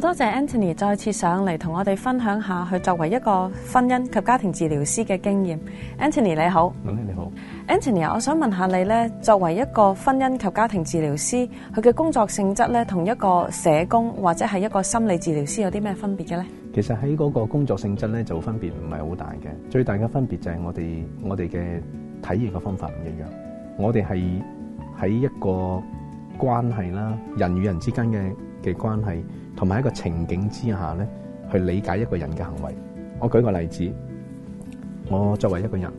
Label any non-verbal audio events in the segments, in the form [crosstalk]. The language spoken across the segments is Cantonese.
多謝 Anthony 再次上嚟同我哋分享下佢作為一個婚姻及家庭治療師嘅經驗。Anthony 你好，你好。Anthony 我想問下你咧，作為一個婚姻及家庭治療師，佢嘅工作性質咧，同一個社工或者係一個心理治療師有啲咩分別嘅咧？其實喺嗰個工作性質咧，就分別唔係好大嘅。最大嘅分別就係我哋我哋嘅體驗嘅方法唔一樣。我哋係喺一個關係啦，人與人之間嘅。嘅關係同埋一個情景之下咧，去理解一個人嘅行為。我舉個例子，我作為一個人，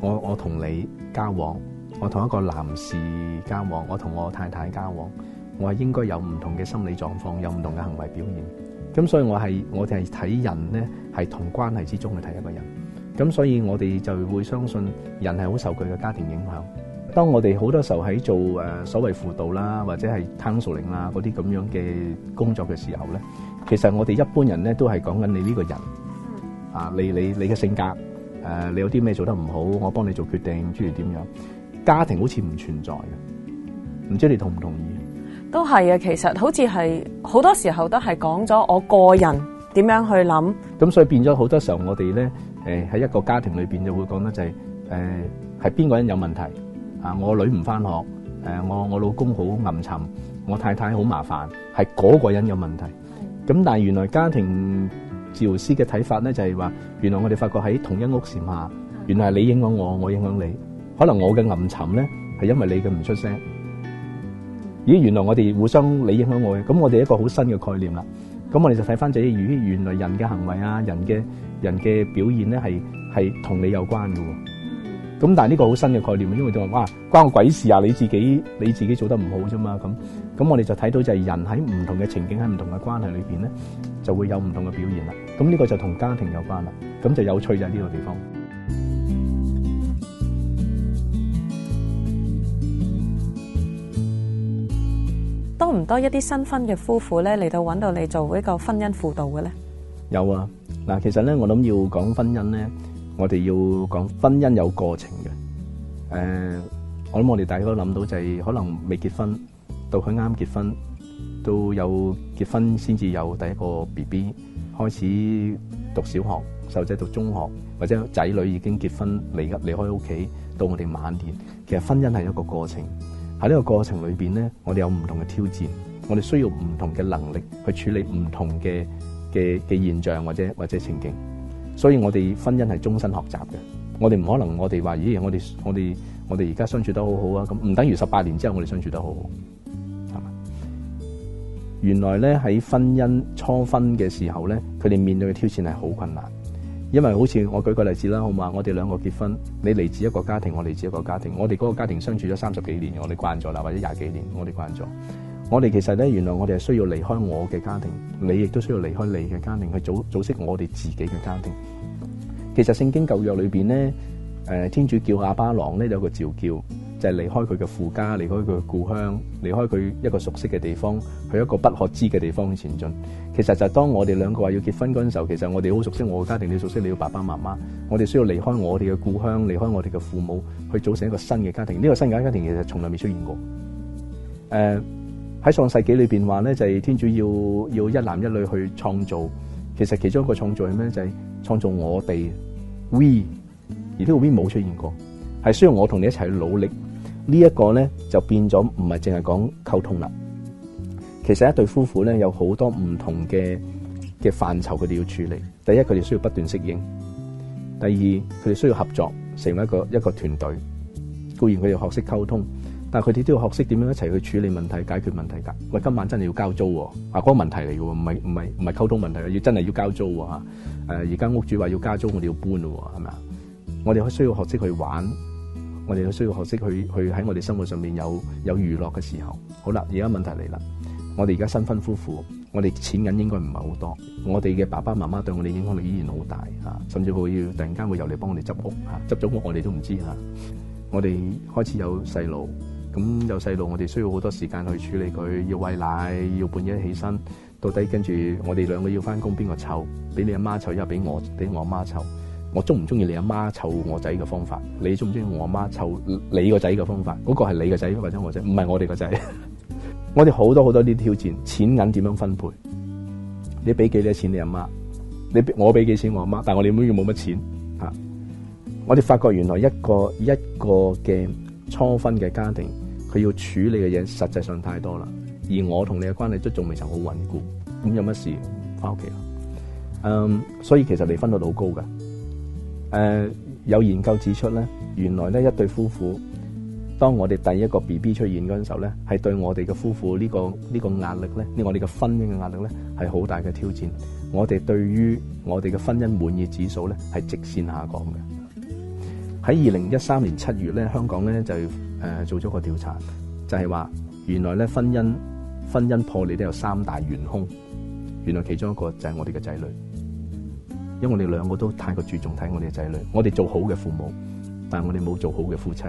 我我同你交往，我同一個男士交往，我同我太太交往，我係應該有唔同嘅心理狀況，有唔同嘅行為表現。咁所以我係我哋係睇人咧，係同關係之中去睇一個人。咁所以我哋就會相信人係好受佢嘅家庭影響。當我哋好多時候喺做誒所謂輔導啦，或者係 counselling 啦嗰啲咁樣嘅工作嘅時候咧，其實我哋一般人咧都係講緊你呢個人，嗯啊，你你你嘅性格，誒，你有啲咩做得唔好，我幫你做決定，諸如點樣，家庭好似唔存在嘅，唔知你同唔同意？都係啊，其實好似係好多時候都係講咗我個人點樣去諗，咁所以變咗好多時候我哋咧誒喺一個家庭裏邊就會講得就係誒係邊個人有問題。啊！我女唔翻學，誒，我我老公好暗沉，我太太好麻煩，係嗰個人有問題。咁但係原來家庭治療師嘅睇法咧就係話，原來我哋發覺喺同一屋檐下，原來係你影響我，我影響你，可能我嘅暗沉咧係因為你嘅唔出聲。咦，原來我哋互相你影響我嘅，咁我哋一個好新嘅概念啦。咁我哋就睇翻自己，原原來人嘅行為啊，人嘅人嘅表現咧係係同你有關噶。咁但係呢個好新嘅概念，因為佢話哇，關我鬼事啊，你自己你自己做得唔好啫嘛，咁咁我哋就睇到就係人喺唔同嘅情景，喺唔同嘅關係裏邊咧，就會有唔同嘅表現啦。咁呢個就同家庭有關啦。咁就有趣就係呢個地方。多唔多一啲新婚嘅夫婦咧嚟到搵到你做呢個婚姻輔導嘅咧？有啊，嗱，其實咧我諗要講婚姻咧。我哋要講婚姻有過程嘅、呃，我諗我哋大家都諗到就係、是、可能未結婚，到佢啱結婚，到有結婚先至有第一個 B B，開始讀小學，細仔讀中學，或者仔女已經結婚離離離開屋企，到我哋晚年，其實婚姻係一個過程。喺呢個過程裏面咧，我哋有唔同嘅挑戰，我哋需要唔同嘅能力去處理唔同嘅嘅嘅現象或者或者情境。所以我哋婚姻係終身學習嘅。我哋唔可能我哋話，咦？我哋我哋我哋而家相處得好好啊！咁唔等於十八年之後我哋相處得好好，係嘛？原來咧喺婚姻初婚嘅時候咧，佢哋面對嘅挑戰係好困難，因為好似我舉個例子啦，好嘛？我哋兩個結婚，你嚟自一個家庭，我嚟自一個家庭，我哋嗰個家庭相處咗三十幾年，我哋慣咗啦，或者廿幾年，我哋慣咗。我哋其實咧，原來我哋係需要離開我嘅家庭，你亦都需要離開你嘅家庭去組組織我哋自己嘅家庭。其實聖經舊約裏面咧、呃，天主叫亞巴郎咧有個召叫，就係、是、離開佢嘅父家，離開佢嘅故鄉，離開佢一個熟悉嘅地方，去一個不可知嘅地方去前進。其實就係當我哋兩個話要結婚嗰陣時候，其實我哋好熟悉我嘅家庭，你熟悉你嘅爸爸媽媽。我哋需要離開我哋嘅故鄉，離開我哋嘅父母，去組成一個新嘅家庭。呢、這個新嘅家庭其實從來未出現過，呃喺創世紀裏邊話咧，就係、是、天主要要一男一女去創造，其實其中一個創造係咩？就係、是、創造我哋，we，而呢個 we 冇出現過，係需要我同你一齊去努力。這個、呢一個咧就變咗唔係淨係講溝通啦。其實一對夫婦咧有好多唔同嘅嘅範疇，佢哋要處理。第一，佢哋需要不斷適應；第二，佢哋需要合作，成為一個一個團隊。固然佢哋學識溝通。但係佢哋都要學識點樣一齊去處理問題、解決問題㗎。喂，今晚真係要交租喎，啊，嗰、嗰個問題嚟嘅喎，唔係唔係唔係溝通問題，要真係要交租喎嚇。而、啊、家、啊、屋主話要加租，我哋要搬咯喎，係咪啊？我哋需要學識去玩，我哋需要學識去去喺我哋生活上面有有娛樂嘅時候。好啦，而家問題嚟啦，我哋而家新婚夫婦，我哋錢銀應該唔係好多，我哋嘅爸爸媽媽對我哋影響力依然好大嚇、啊，甚至會要突然間會又你幫我哋執屋嚇，執、啊、咗屋我哋都唔知嚇、啊。我哋開始有細路。咁、嗯、有細路，我哋需要好多時間去處理佢，要餵奶，要半夜起身。到底跟住我哋兩個要返工，邊個湊？俾你阿媽湊又俾我，俾我阿媽湊。我中唔中意你阿媽湊我仔嘅方法？你中唔中意我阿媽湊你個仔嘅方法？嗰、嗰個係你個仔或者我仔，唔係我哋個仔。 [laughs] 我哋好多好多啲挑戰，錢銀點樣分配？你俾幾多錢你阿媽？你給我俾幾錢我阿媽？但係我哋妹要冇乜錢啊！我哋發覺原來一個一個嘅初婚嘅家庭。佢要處理嘅嘢實際上太多啦，而我同你嘅關係都仲未曾好穩固，咁有乜事翻屋企啦。嗯，um, 所以其實離婚率老高嘅。誒、uh, 有研究指出咧，原來咧一對夫婦，當我哋第一個 BB 出現嗰陣時候咧，係對我哋嘅夫婦呢、呢個呢、呢個壓力咧，呢我哋嘅婚姻嘅壓力咧係好大嘅挑戰。我哋對於我哋嘅婚姻滿意指數咧係直線下降嘅。喺二零一三年七月咧，香港咧就。誒，做咗個調查，就係話，原來咧婚姻婚姻破裂，都有三大元凶，原來其中一個就係我哋嘅仔女，因為我哋兩個都太過注重睇我哋嘅仔女，我哋做好嘅父母，但係我哋冇做好嘅夫妻，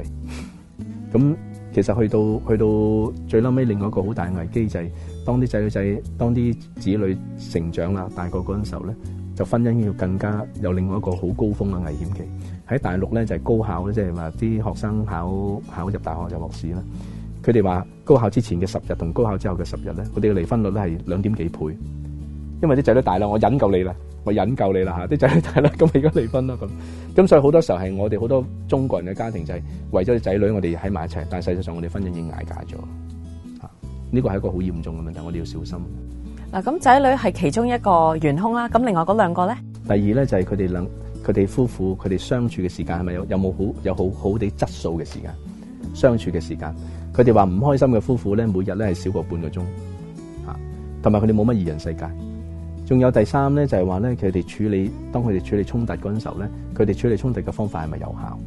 咁 [laughs] 其實去到去到最嬲尾，另外一個好大嘅危機就係、是，當啲仔女仔，當啲子女成長啦，大個嗰陣時候咧，就婚姻要更加有另外一個好高峰嘅危險期。喺大陸咧就係高考咧，即係話啲學生考考入大學就落試啦。佢哋話高考之前嘅十日同高考之後嘅十日咧，佢哋嘅離婚率都係兩點幾倍。因為啲仔女大啦，我忍夠你啦，我忍夠你啦嚇！啲仔女大啦，咁而家離婚啦咁。咁所以好多時候係我哋好多中國人嘅家庭就係為咗啲仔女，我哋喺埋一齊，但係事實上我哋婚姻已經挨解咗。嚇！呢個係一個好嚴重嘅問題，我哋要小心。嗱，咁仔女係其中一個元兇啦，咁另外嗰兩個咧？第二咧就係佢哋兩。佢哋夫婦佢哋相處嘅時間係咪有有冇好有好好啲質素嘅時間相處嘅時間？佢哋話唔開心嘅夫婦咧，每日咧係少過半個鐘，嚇，同埋佢哋冇乜二人世界。仲有第三咧就係話咧，佢哋處理當佢哋處理衝突嗰陣時候咧，佢哋處理衝突嘅方法係咪有效？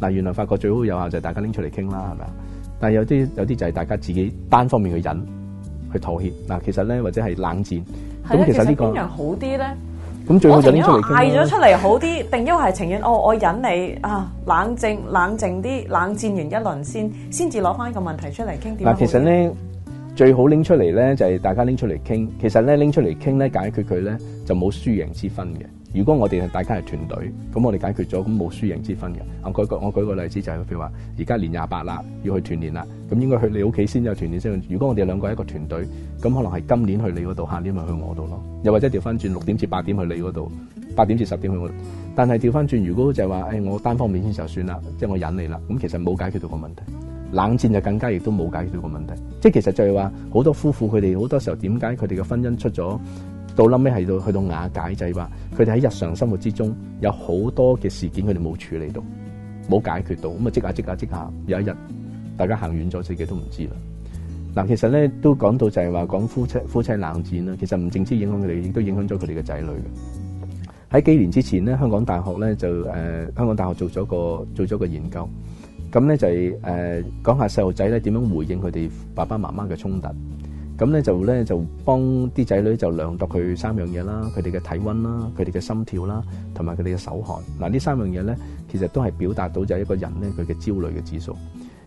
嗱，原來發覺最好有效就係大家拎出嚟傾啦，係咪啊？但係有啲有啲就係大家自己單方面去忍去妥協。嗱，其實咧或者係冷戰咁。其實呢個好啲咧。咁最好就拎出嚟傾，嗌咗出嚟好啲，定一係情願哦，我忍你啊，冷靜冷靜啲，冷戰完一輪先先至攞翻個問題出嚟傾。嗱，其實咧最好拎出嚟咧就係大家拎出嚟傾。其實咧拎出嚟傾咧解決佢咧就冇輸贏之分嘅。如果我哋係大家係團隊，咁我哋解決咗，咁冇輸贏之分嘅。啊，我舉個我舉個例子就係，譬如話，而家年廿八啦，要去團年啦，咁應該去你屋企先，有團年先。如果我哋兩個係一個團隊，咁可能係今年去你嗰度，下年咪去我度咯。又或者調翻轉，六點至八點去你嗰度，八點至十點去我度。但係調翻轉，如果就係話，誒、哎、我單方面先就算啦，即、就、係、是、我忍你啦，咁其實冇解決到個問題。冷戰就更加亦都冇解決到個問題。即其實就係、是、話，好多夫婦佢哋好多時候點解佢哋嘅婚姻出咗？到冧尾係到去到瓦解，就係話，佢哋喺日常生活之中有好多嘅事件，佢哋冇處理到，冇解決到，咁啊即下即下即下，有一日大家行遠咗，自己都唔知啦。嗱，其實咧都講到就係話講夫妻夫妻冷戰啦，其實唔淨止影響佢哋，亦都影響咗佢哋嘅仔女嘅。喺幾年之前咧，香港大學咧就、呃、香港大學做咗個做咗個研究，咁咧就係、是呃、講下細路仔咧點樣回應佢哋爸爸媽媽嘅衝突。咁咧就咧就幫啲仔女就量度佢三樣嘢啦，佢哋嘅體温啦，佢哋嘅心跳啦，同埋佢哋嘅手汗。嗱，呢三樣嘢咧，其實都係表達到就係一個人咧佢嘅焦慮嘅指數。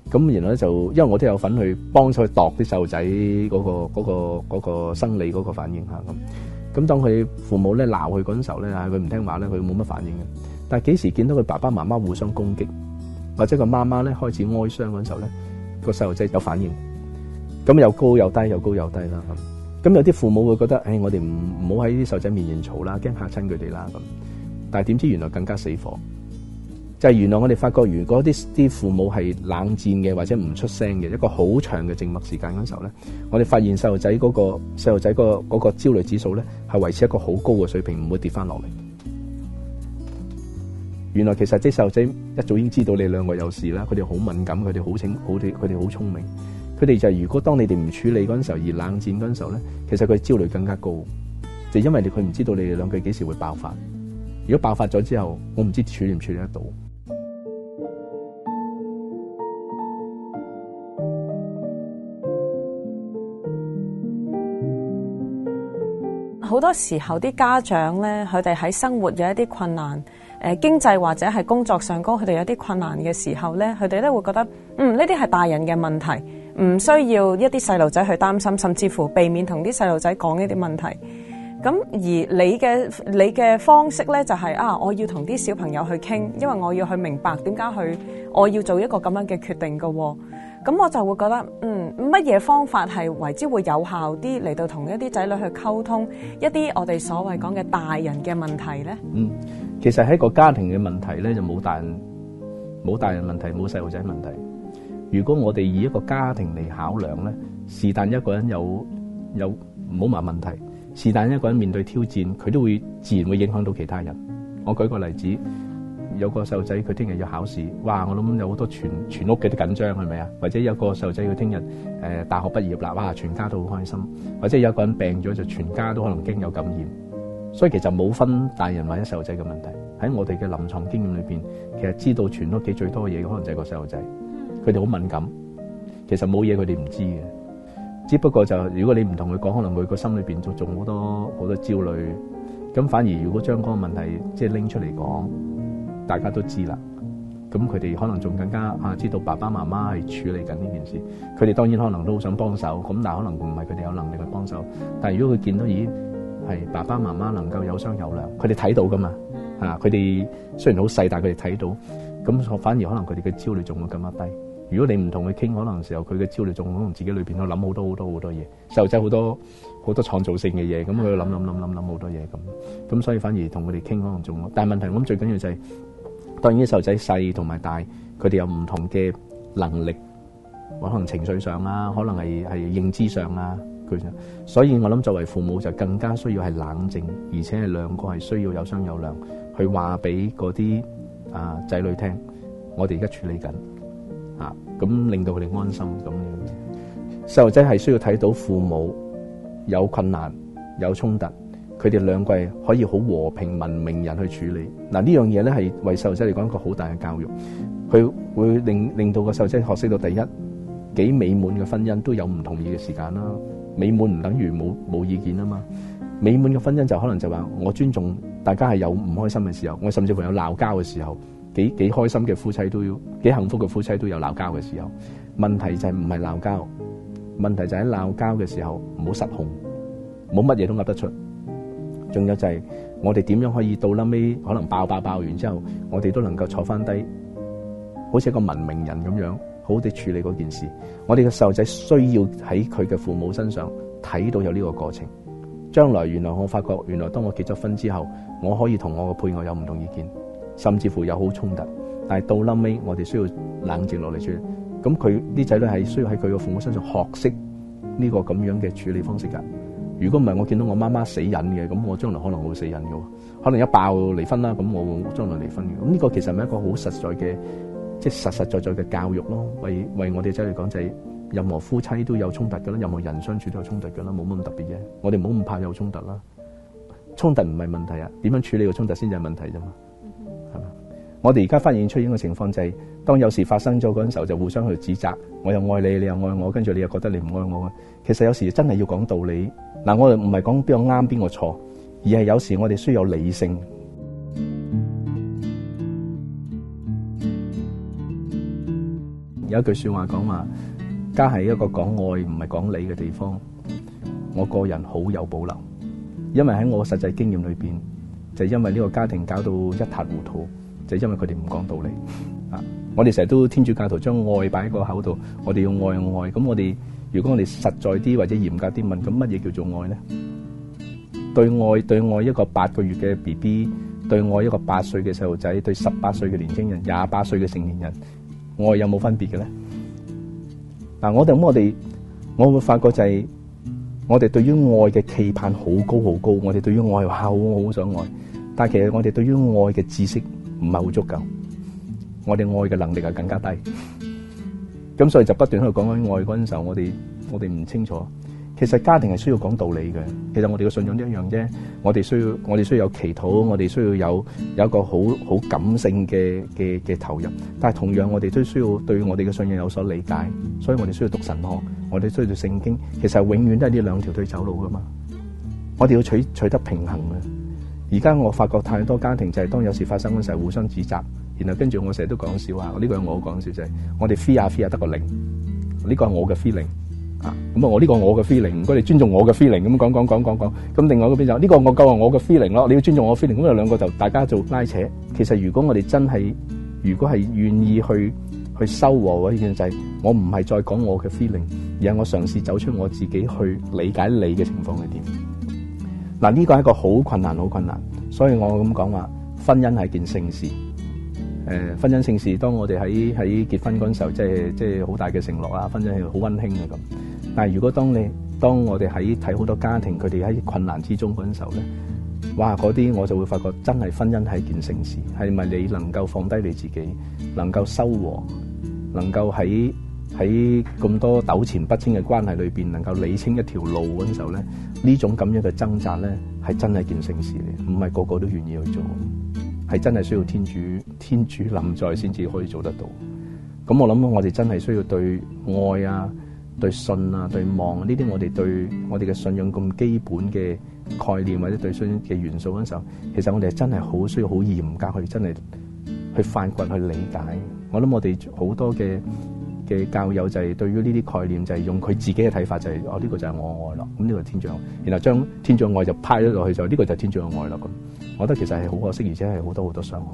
咁然後咧就因為我都有份去幫佢度啲細路仔嗰個生理嗰個反應嚇咁。咁當佢父母咧鬧佢嗰陣時候咧，佢唔聽話咧，佢冇乜反應嘅。但係幾時見到佢爸爸媽媽互相攻擊，或者個媽媽咧開始哀傷嗰陣時候咧，個細路仔有反應。咁又高又低，又高又低啦。咁有啲父母會覺得，誒、哎，我哋唔唔好喺啲細路仔面前嘈啦，驚嚇親佢哋啦。咁，但係點知原來更加死火。就係、是、原來我哋發覺，如果啲啲父母係冷戰嘅，或者唔出聲嘅，一個好長嘅靜默時間嗰陣時候咧，我哋發現細路仔嗰個細路仔個個焦慮指數咧，係維持一個好高嘅水平，唔會跌翻落嚟。原來其實啲細路仔一早已經知道你兩個有事啦，佢哋好敏感，佢哋好精，佢哋佢哋好聰明。佢哋就如果當你哋唔處理嗰陣時候，而冷戰嗰陣時候咧，其實佢焦慮更加高，就因為佢唔知道你哋兩句幾時會爆發。如果爆發咗之後，我唔知處理唔處理得到。好多時候，啲家長咧，佢哋喺生活有一啲困難，誒、經濟或者係工作上高，佢哋有啲困難嘅時候咧，佢哋都會覺得，嗯，呢啲係大人嘅問題。唔需要一啲細路仔去擔心，甚至乎避免同啲細路仔講呢啲問題。咁而你嘅你嘅方式咧，就係啊，我要同啲小朋友去傾，因為我要去明白點解去，我要做一個咁樣嘅決定嘅。咁我就會覺得，嗯，乜嘢方法係為之會有效啲嚟到同一啲仔女去溝通一啲我哋所謂講嘅大人嘅問題咧？嗯，其實喺個家庭嘅問題咧，就冇大人冇大人問題，冇細路仔問題。如果我哋以一個家庭嚟考量咧，是但一個人有有唔好問問題，是但一個人面對挑戰，佢都會自然會影響到其他人。我舉個例子，有個細路仔佢聽日要考試，哇！我諗有好多全全屋企都緊張，係咪啊？或者有個細路仔佢聽日呃大學畢業啦，哇！全家都好開心。或者有個人病咗，就全家都可能經有感染。所以其實冇分大人或者細路仔嘅問題。喺我哋嘅臨床經驗裏面，其實知道全屋企最多嘅嘢可能就係個細路仔。佢哋好敏感，其實冇嘢，佢哋唔知嘅。只不過就如果你唔同佢講，可能佢個心裏邊仲仲好多好多焦慮。咁反而如果將嗰個問題即係拎出嚟講，大家都知啦。咁佢哋可能仲更加啊知道爸爸媽媽係處理緊呢件事。佢哋當然可能都好想幫手，咁但係可能唔係佢哋有能力去幫手。但係如果佢見到，咦係爸爸媽媽能夠有商有量，佢哋睇到噶嘛啊？佢哋雖然好細，但係佢哋睇到咁，反而可能佢哋嘅焦慮仲會咁樣低。如果你唔同佢傾，可能時候佢嘅焦慮仲可能自己裏邊都諗好多好多好多嘢。細路仔好多好多創造性嘅嘢，咁佢諗諗諗諗諗好多嘢咁咁，所以反而同佢哋傾可能仲好。但係問題，我諗最緊要就係當然啲細路仔細同埋大，佢哋有唔同嘅能力，可能情緒上啦，可能係係認知上啦。佢所以我諗作為父母就更加需要係冷靜，而且係兩個係需要有商有量去話俾嗰啲啊仔女聽。我哋而家處理緊。啊，咁、嗯、令到佢哋安心咁樣。細路仔係需要睇到父母有困難、有衝突，佢哋兩個人可以好和平、文明人去處理。嗱、啊，呢樣嘢咧係為細路仔嚟講一個好大嘅教育，佢會令令到個細路仔學識到第一幾美滿嘅婚姻都有唔同意嘅時間啦。美滿唔等於冇冇意見啊嘛。美滿嘅婚姻就可能就話、是、我尊重大家係有唔開心嘅時候，我甚至乎有鬧交嘅時候。幾幾開心嘅夫妻都要，幾幸福嘅夫妻都有鬧交嘅時候。問題就係唔係鬧交，問題就係鬧交嘅時候唔好失控，冇乜嘢都噏得出。仲有就係我哋點樣可以到臨尾可能爆爆爆完之後，我哋都能夠坐翻低，好似一個文明人咁樣，好好地處理嗰件事。我哋嘅細路仔需要喺佢嘅父母身上睇到有呢個過程。將來原來我發覺，原來當我結咗婚之後，我可以同我嘅配偶有唔同意見。甚至乎有好衝突，但係到臨尾我哋需要冷靜落嚟處理。咁佢啲仔女係需要喺佢嘅父母身上學識呢個咁樣嘅處理方式㗎。如果唔係我見到我媽媽死忍嘅，咁我將來可能會死忍嘅喎。可能一爆離婚啦，咁我將來離婚嘅。咁呢個其實係一個好實在嘅，即係實實在在嘅教育咯。為，為我哋仔女講就係，任何夫妻都有衝突㗎啦，任何人相處都有衝突㗎啦，冇乜咁特別嘅。我哋唔好咁怕有衝突啦，衝突唔係問題啊，點樣處理個衝突先係問題啫嘛。我哋而家發現出現嘅情況就係，當有事發生咗嗰陣時候，就互相去指責。我又愛你，你又愛我，跟住你又覺得你唔愛我。其實有時真係要講道理嗱，我哋唔係講邊個啱邊個錯，而係有時我哋需要理性。 [music] 有一句說話講話，家係一個講愛唔係講理嘅地方。我個人好有保留，因為喺我實際經驗裏面，就係因為呢個家庭搞到一塌糊塗。就因為佢哋唔講道理啊！我哋成日都天主教徒將愛擺喺個口度，我哋要愛愛咁。我哋如果我哋實在啲或者嚴格啲問，咁乜嘢叫做愛咧？對愛對愛一個八個月嘅 BB，對愛一個八歲嘅細路仔，對十八歲嘅年輕人，廿八歲嘅成年人，愛有冇分別嘅咧？嗱，我哋噉我哋我會發覺就係我哋對於愛嘅期盼好高好高。我哋對於愛又好好想愛，但係其實我哋對於愛嘅知識，唔係好足夠，我哋愛嘅能力係更加低，咁所以就不斷喺度講緊愛嗰陣時候，我哋我哋唔清楚，其實家庭係需要講道理嘅，其實我哋嘅信仰都一樣啫，我哋需要我哋需要有祈禱，我哋需要有有一個好好感性嘅嘅嘅投入，但係同樣我哋都需要對我哋嘅信仰有所理解，所以我哋需要讀神學，我哋需要讀聖經，其實永遠都係呢兩條對走路㗎嘛，我哋要取取得平衡嘅。而家我發覺太多家庭就係當有事發生嗰時候互相指責，然後跟住我成日都講笑話，呢個我講笑就係我哋 feel 啊 feel 啊得個零，呢個係我嘅 feeling 啊，咁啊我呢個我嘅 feeling，唔該你尊重我嘅 feeling，咁講講講講講，咁另外嗰邊就呢個我夠係我嘅 feeling 咯，你要尊重我 feeling 咁啊兩個就大家做拉扯。其實如果我哋真係如果係願意去去修和呢件事，就係我唔係再講我嘅 feeling 而係我嘗試走出我自己去理解你嘅情況係點。嗱，呢個係一個好困難好困難，所以我咁講話，婚姻係一件聖事。誒、呃，婚姻聖事，當我哋喺喺結婚嗰陣時候，即係即係好大嘅承諾啊，婚姻係好溫馨嘅咁。但係如果當你當我哋喺睇好多家庭，佢哋喺困難之中嗰陣時候咧，哇！嗰啲我就會發覺真係婚姻係一件聖事，係咪你能夠放低你自己，能夠收穫，能夠喺喺咁多糾纏不清嘅關係裏邊，能夠理清一條路嗰陣時候咧？這種這呢種咁樣嘅掙扎咧，係真係件盛事嚟，唔係個個都願意去做，係真係需要天主天主臨在先至可以做得到。咁我諗，我哋真係需要對愛啊、對信啊、對望呢啲，這些我哋對我哋嘅信仰咁基本嘅概念或者對信仰嘅元素嗰陣時候，其實我哋真係好需要好嚴格真去真係去發掘去理解。我諗我哋好多嘅。嘅教友就係對於呢啲概念就係用佢自己嘅睇法，就係哦，呢個就係我愛咯，咁呢個係天象，然後將天象愛就派咗落去，就呢個就係天象嘅愛咯。咁我覺得其實係好可惜，而且係好多好多傷害。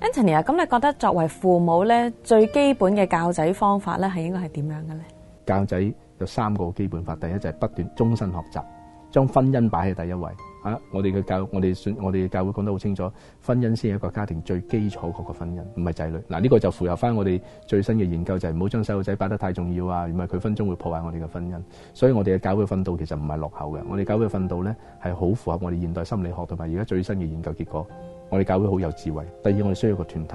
Anthony 啊，咁你覺得作為父母咧，最基本嘅教仔方法咧，係應該係點樣嘅咧？教仔有三個基本法，第一就係不斷終身學習。將婚姻擺喺第一位啊！我哋嘅教，我哋信，我哋教會講得好清楚，婚姻先係一個家庭最基礎嗰個婚姻，唔係仔女。嗱、啊、呢、呢個就符合翻我哋最新嘅研究，就係唔好將細路仔擺得太重要啊，唔係佢分鐘會破壞我哋嘅婚姻。所以我哋嘅教會嘅訓導其實唔係落後嘅，我哋教會嘅訓導咧係好符合我哋現代心理學同埋而家最新嘅研究結果。我哋教會好有智慧。第二，我哋需要個團體。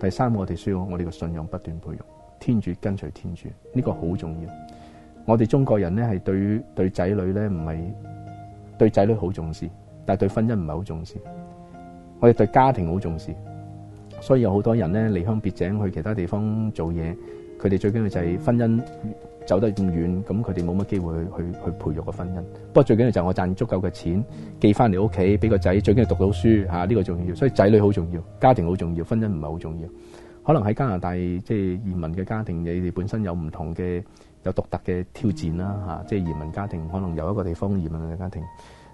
第三，我哋需要我哋嘅信仰不斷培育，天主跟隨天主，呢、呢個好重要。我哋中國人咧，係對對仔女咧，唔係對仔女好重視，但係對婚姻唔係好重視。我哋對家庭好重視，所以有好多人咧離鄉別井去其他地方做嘢，佢哋最緊要就係婚姻走得咁遠，咁佢哋冇乜機會去去培育個婚姻。不過最緊要就係我賺足夠嘅錢寄翻嚟屋企，俾個仔最緊要讀到書，嚇，呢個重要，所以仔女好重要，家庭好重要，婚姻唔係好重要。可能喺加拿大即係移民嘅家庭，你哋本身有唔同嘅。有獨特嘅挑戰啦，嚇，即係移民家庭可能有一個地方移民嘅家庭，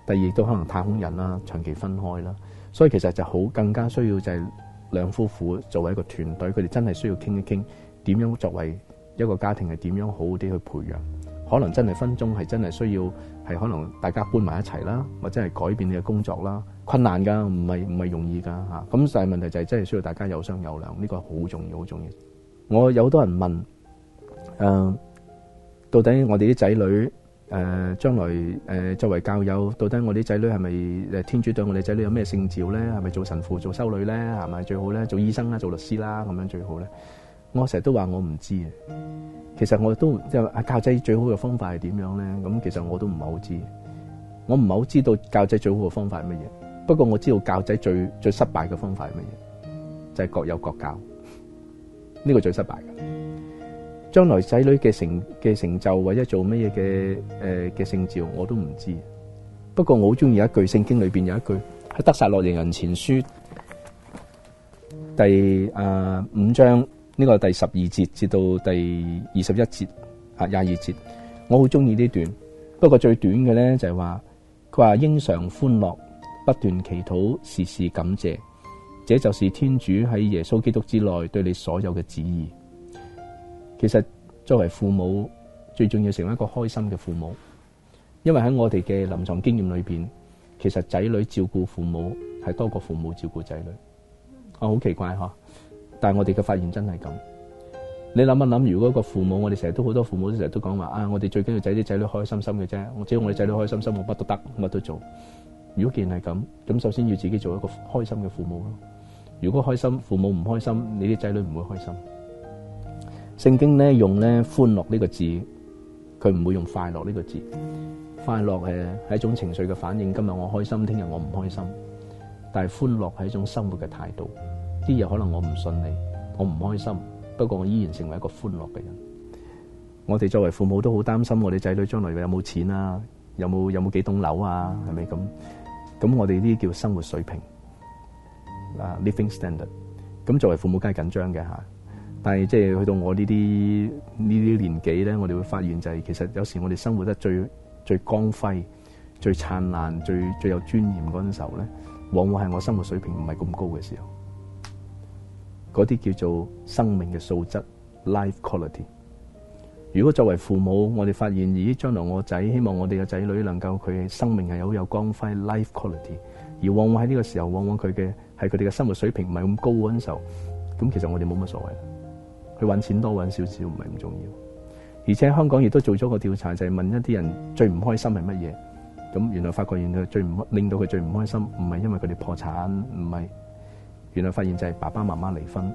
第二亦都可能太空人啦，長期分開啦，所以其實就好更加需要就係兩夫婦作為一個團隊，佢哋真係需要傾一傾點樣作為一個家庭係點樣好好哋去培養，可能真係分鐘係真係需要係可能大家搬埋一齊啦，或者係改變你嘅工作啦，困難噶唔係唔係容易噶嚇，咁但係問題就係真係需要大家有商有量，呢個好重要好重要。我有好多人問，呃到底我哋啲仔女，誒、呃、將來誒、呃、作為教友，到底我哋啲仔女係咪誒天主對我哋仔女有咩聖召咧？係咪做神父、做修女咧？係咪最好咧？做醫生啦、做律師啦，咁樣最好咧？我成日都話我唔知啊，其實我都即係教仔最好嘅方法係點樣咧？咁其實我都唔係好知，我唔係好知道教仔最好嘅方法係乜嘢。不過我知道教仔最最失敗嘅方法係乜嘢，就係、是、各有各教，呢、這個最失敗嘅。將來仔女嘅成嘅成就或者做乜嘢嘅誒嘅聖召我都唔知，不過我好中意一句聖經裏邊有一句喺得撒洛尼人前書第誒、呃、五章呢、這個第十二節至到第二十一節啊廿二節，我好中意呢段。不過最短嘅咧就係話佢話應常歡樂，不斷祈禱，時時感謝，這就是天主喺耶穌基督之內對你所有嘅旨意。其實作為父母最重要成為一個開心嘅父母，因為喺我哋嘅臨床經驗裏邊，其實仔女照顧父母係多過父母照顧仔女，啊，好奇怪吓，但係我哋嘅發現真係咁。你諗一諗，如果個父母，我哋成日都好多父母成日都講話啊，我哋最緊要仔啲仔女開心心嘅啫，我只要我哋仔女開心心，我乜都得，乜都做。如果既然係咁，咁首先要自己做一個開心嘅父母咯。如果開心，父母唔開心，你啲仔女唔會開心。聖經咧用咧歡樂呢個字，佢唔會用快樂呢個字。快樂誒係一種情緒嘅反應，今日我開心，聽日我唔開心。但係歡樂係一種生活嘅態度。啲嘢可能我唔信你，我唔開心，不過我依然成為一個歡樂嘅人。我哋作為父母都好擔心我哋仔女將來有冇錢啊，有冇有冇幾棟樓啊，係咪咁？咁我哋呢啲叫生活水平啊，living standard。咁作為父母梗係緊張嘅吓。但係，即係去到我這些這些呢啲呢啲年紀咧，我哋會發現就係、是、其實有時我哋生活得最最光輝、最燦爛、最最有尊嚴嗰陣時候咧，往往係我生活水平唔係咁高嘅時候。嗰啲叫做生命嘅素質 （life quality）。如果作為父母，我哋發現咦，將來我仔希望我哋嘅仔女能夠佢嘅生命係好有光輝 （life quality），而往往喺呢個時候，往往佢嘅係佢哋嘅生活水平唔係咁高嗰陣時候，咁其實我哋冇乜所謂。去揾錢多揾少少唔係唔重要，而且香港亦都做咗個調查，就係問一啲人最唔開心係乜嘢。咁原來發覺原來最唔令到佢最唔開心，唔係因為佢哋破產，唔係原來發現就係爸爸媽媽離婚，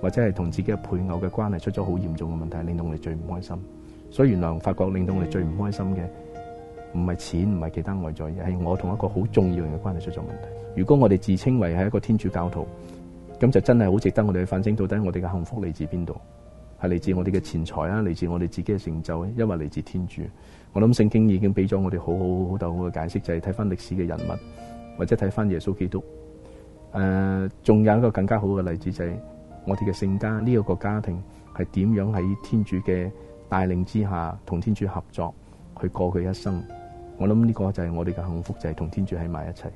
或者係同自己嘅配偶嘅關係出咗好嚴重嘅問題，令到我哋最唔開心。所以原來發覺令到我哋最唔開心嘅，唔係錢，唔係其他外在嘢，係我同一個好重要人嘅關係出咗問題。如果我哋自稱為係一個天主教徒，咁就真係好值得我哋去反省，到底我哋嘅幸福嚟自邊度？係嚟自我哋嘅錢財啊，嚟自我哋自己嘅成就，抑或嚟自天主。我諗聖經已經俾咗我哋好好好好、好嘅解釋，就係睇翻歷史嘅人物，或者睇翻耶穌基督。仲、呃、有一個更加好嘅例子，就係、是、我哋嘅聖家呢一、這個家庭係點樣喺天主嘅帶領之下，同天主合作去過佢一生。我諗呢個就係我哋嘅幸福，就係、是、同天主喺埋一齊。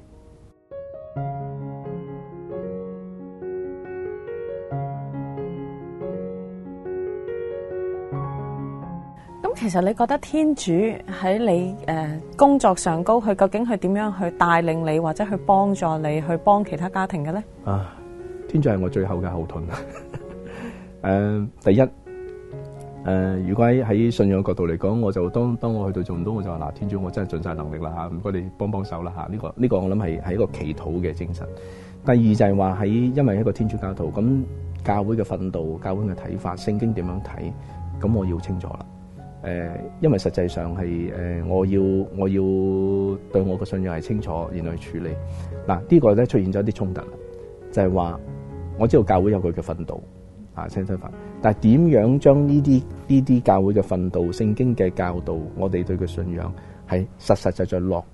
其實你覺得天主喺你誒工作上高，佢究竟係點樣去帶領你，或者去幫助你去幫其他家庭嘅咧？啊，天主係我最後嘅後盾。誒、 [laughs] 呃，第一，誒、呃，如果喺信仰角度嚟講，我就當當我去到做唔到，我就話嗱，天主我真係盡晒能力啦吓，唔該你幫幫手啦吓。呢、啊這個呢、這個我諗係係一個祈禱嘅精神。第二就係話喺因為一個天主教徒，咁教會嘅訓導、教會嘅睇法、聖經點樣睇，咁我要清楚啦。誒，因為實際上係誒，我要我要對我嘅信仰係清楚，然後去處理。嗱，呢個咧出現咗一啲衝突，就係、是、話我知道教會有佢嘅訓導，啊，青春奮。但係點樣將呢啲呢啲教會嘅訓導、聖經嘅教導，我哋對佢嘅信仰係實實在在落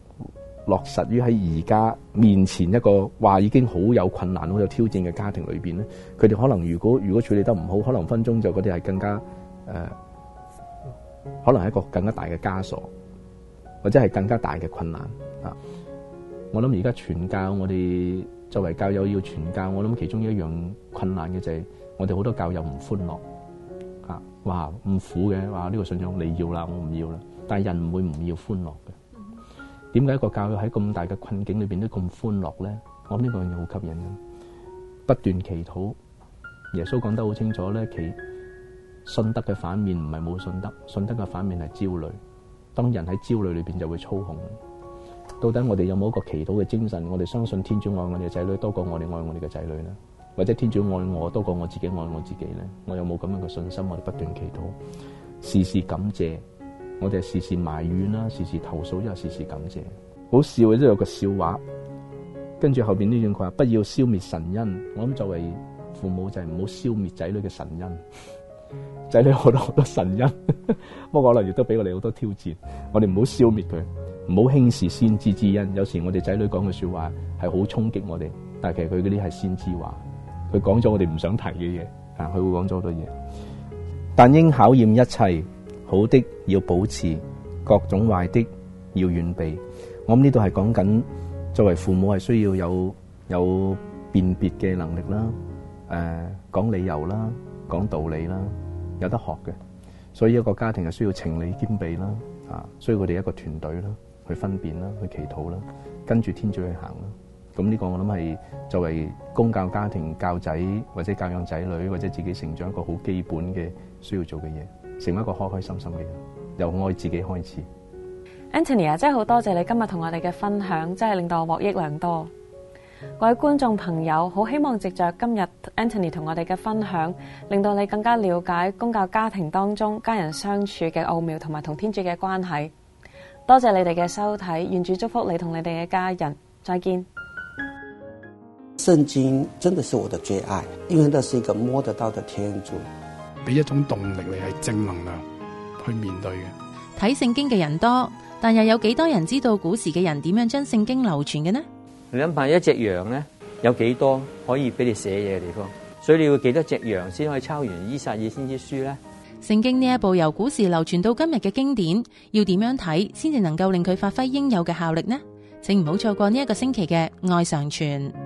落實於喺而家面前一個話已經好有困難、好有挑戰嘅家庭裏邊咧，佢哋可能如果如果處理得唔好，可能分鐘就嗰啲係更加誒。呃可能係一個更加大嘅枷鎖，或者係更加大嘅困難啊！我諗而家傳教，我哋作為教友要傳教，我諗其中一樣困難嘅就係，我哋好多教友唔歡樂啊！話唔苦嘅，話呢個信仰你要啦，我唔要啦。但係人唔會唔要歡樂嘅。點解個教友喺咁大嘅困境裏邊都咁歡樂咧？我諗呢個嘢好吸引嘅，不斷祈禱，耶穌講得好清楚咧，其。信德嘅反面唔係冇信德，信德嘅反面係焦慮。當人喺焦慮裏邊，就會操控。到底我哋有冇一個祈禱嘅精神？我哋相信天主愛我哋嘅仔女多過我哋愛我哋嘅仔女咧，或者天主愛我多過我自己愛我自己咧？我有冇咁樣嘅信心？我哋不斷祈禱，時時感謝。我哋係時時埋怨啦，時時投訴，一係時時感謝。好笑嘅都有個笑話，跟住後邊呢段佢話，不要消滅神恩。我諗作為父母就係唔好消滅仔女嘅神恩。仔女好多好多神恩， [laughs] 不過可能亦都俾我哋好多挑戰。我哋唔好消滅佢，唔好輕視先知之恩。有時我哋仔女講嘅說話係好衝擊我哋，但其實佢嗰啲係先知話，佢講咗我哋唔想提嘅嘢，佢會講咗好多嘢。但應考驗一切，好的要保持，各種壞的要遠避。我諗呢度係講緊作為父母係需要有有辨別嘅能力啦，誒、呃，講理由啦。講道理啦，有得學嘅，所以一個家庭係需要情理兼備啦，啊，所以佢哋一個團隊啦，去分辨啦，去祈禱啦，跟住天主去行啦。咁呢個我諗係作為公教家庭教仔或者教養仔女或者自己成長一個好基本嘅需要做嘅嘢，成為一個開開心心嘅人，由愛自己開始。Anthony 啊，真係好多謝你今日同我哋嘅分享，真係令到我獲益良多。各位觀眾朋友，好！希望藉着今日 Anthony 同我哋嘅分享，令到你更加了解公教家庭當中家人相處嘅奧妙，同埋同天主嘅關係。多謝你哋嘅收睇，願主祝福你同你哋嘅家人。再見。聖經真的是我的最愛，因為那是一個摸得到的天主，俾一種動力嚟，係正能量去面對嘅。睇聖經嘅人多，但又有幾多人知道古時嘅人點樣將聖經流傳嘅呢？你諗下，一隻羊咧有幾多可以俾你寫嘢嘅地方？所以你要幾多隻羊先可以抄完《伊撒爾先知書》咧？聖經呢一部由古時流傳到今日嘅經典，要點樣睇先至能夠令佢發揮應有嘅效力呢？請唔好錯過呢一個星期嘅愛常傳。